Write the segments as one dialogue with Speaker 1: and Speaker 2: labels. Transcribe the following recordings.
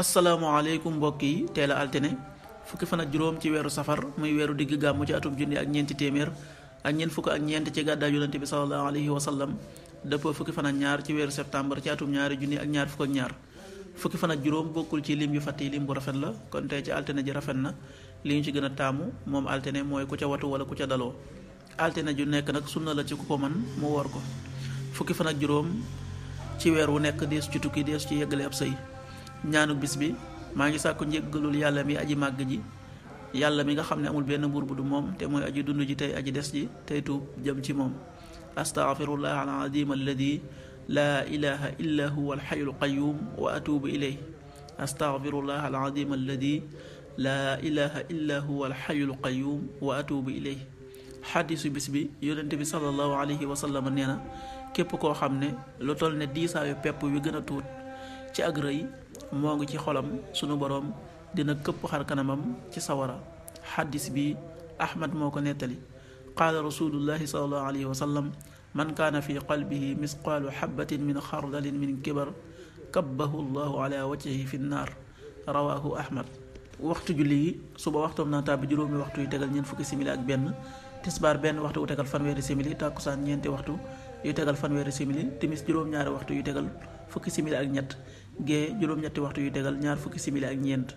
Speaker 1: asalaamaaleykum mbokk yi tey la altine fukki fan ak juróom ci weeru safar muy weeru digg gàmmu ci atum junni ak ñeenti téeméer ak ñeent fukk ak ñeent ci gàddaay yonante bi sallallahu alayhi wa sallam dëppoo fukki fan ñaar ci weeru septembre ci atum ñaari junni ak ñaar fukk ak ñaar fukki fan ak juróom bokkul ci lim yu fàtte yi lim bu rafet la kon tey ci altine ji rafet na li ñu ci gën a taamu moom altine mooy ku ca watu wala ku ca daloo altine ju nekk nag sunna la ci ku man mu wor ko fukki fan ak juróom ci weer wu nekk dees ci tukki dees ci yeggale ab sëy ñaanu bis bi maa ngi sàkku njéggalul yàlla mi aji màgg ji yàlla mi nga xam ne amul benn buur du moom te mooy aji dund ji tey aji des ji tey tuub jëm ci moom astaghfirullah al azim alladi laa ilaha illa huwa al xayu al qayum wa atubu ilayh astaghfirullah bis bi yonente bi sallallahu alayhi wa sallam nee képp koo xam ne lu toll ne diisaayu pepp wi gën a tuut ci ak rëy moo ngi ci xolam sunu boroom dina këpp xar kanamam ci sawara xaddis bi ahmad moo ko nettali qaala rasulullahi salallahu alayhi wa sallam man kaana fi qalbihi misqaalu xabatin min xardalin min kibar kabbahu llahu ala wajhihi fi nnaar rawaahu ahmad waxtu julli yi suba waxtoom naa tàbbi juróomi waxtu yu tegal ñeent fukki simili ak benn tisbaar benn waxtu wu tegal fanweeri simili tàkkusaan ñeenti waxtu yu tegal fanweeri simili timis juróom-ñaari waxtu yu tegal fukki simili ak ñett gee juróom-ñetti waxtu yu tegal ñaar fukki simili ak ñeent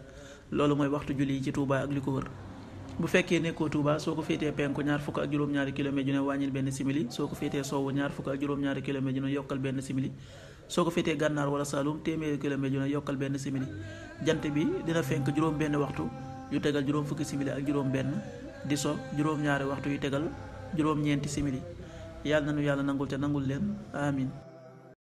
Speaker 1: loolu mooy waxtu julli ci Touba ak li ko wër bu fekkee nekkoo Touba soo ko féetee penku ñaar fukk ak juróom-ñaari kilomètre ju wàññil benn simili soo ko féetee sowwu ñaar fukk ak juróom-ñaari kilomètre yokkal benn simili soo ko féetee gànnaar wala saalum téeméeri kilomètre ju yokkal benn simili jant bi dina fenk juróom benn waxtu yu tegal juróom fukki simili ak juróom benn di so juróom-ñaari waxtu yu tegal juróom-ñeenti simili yàlla na nu yàlla nangul te nangul leen amin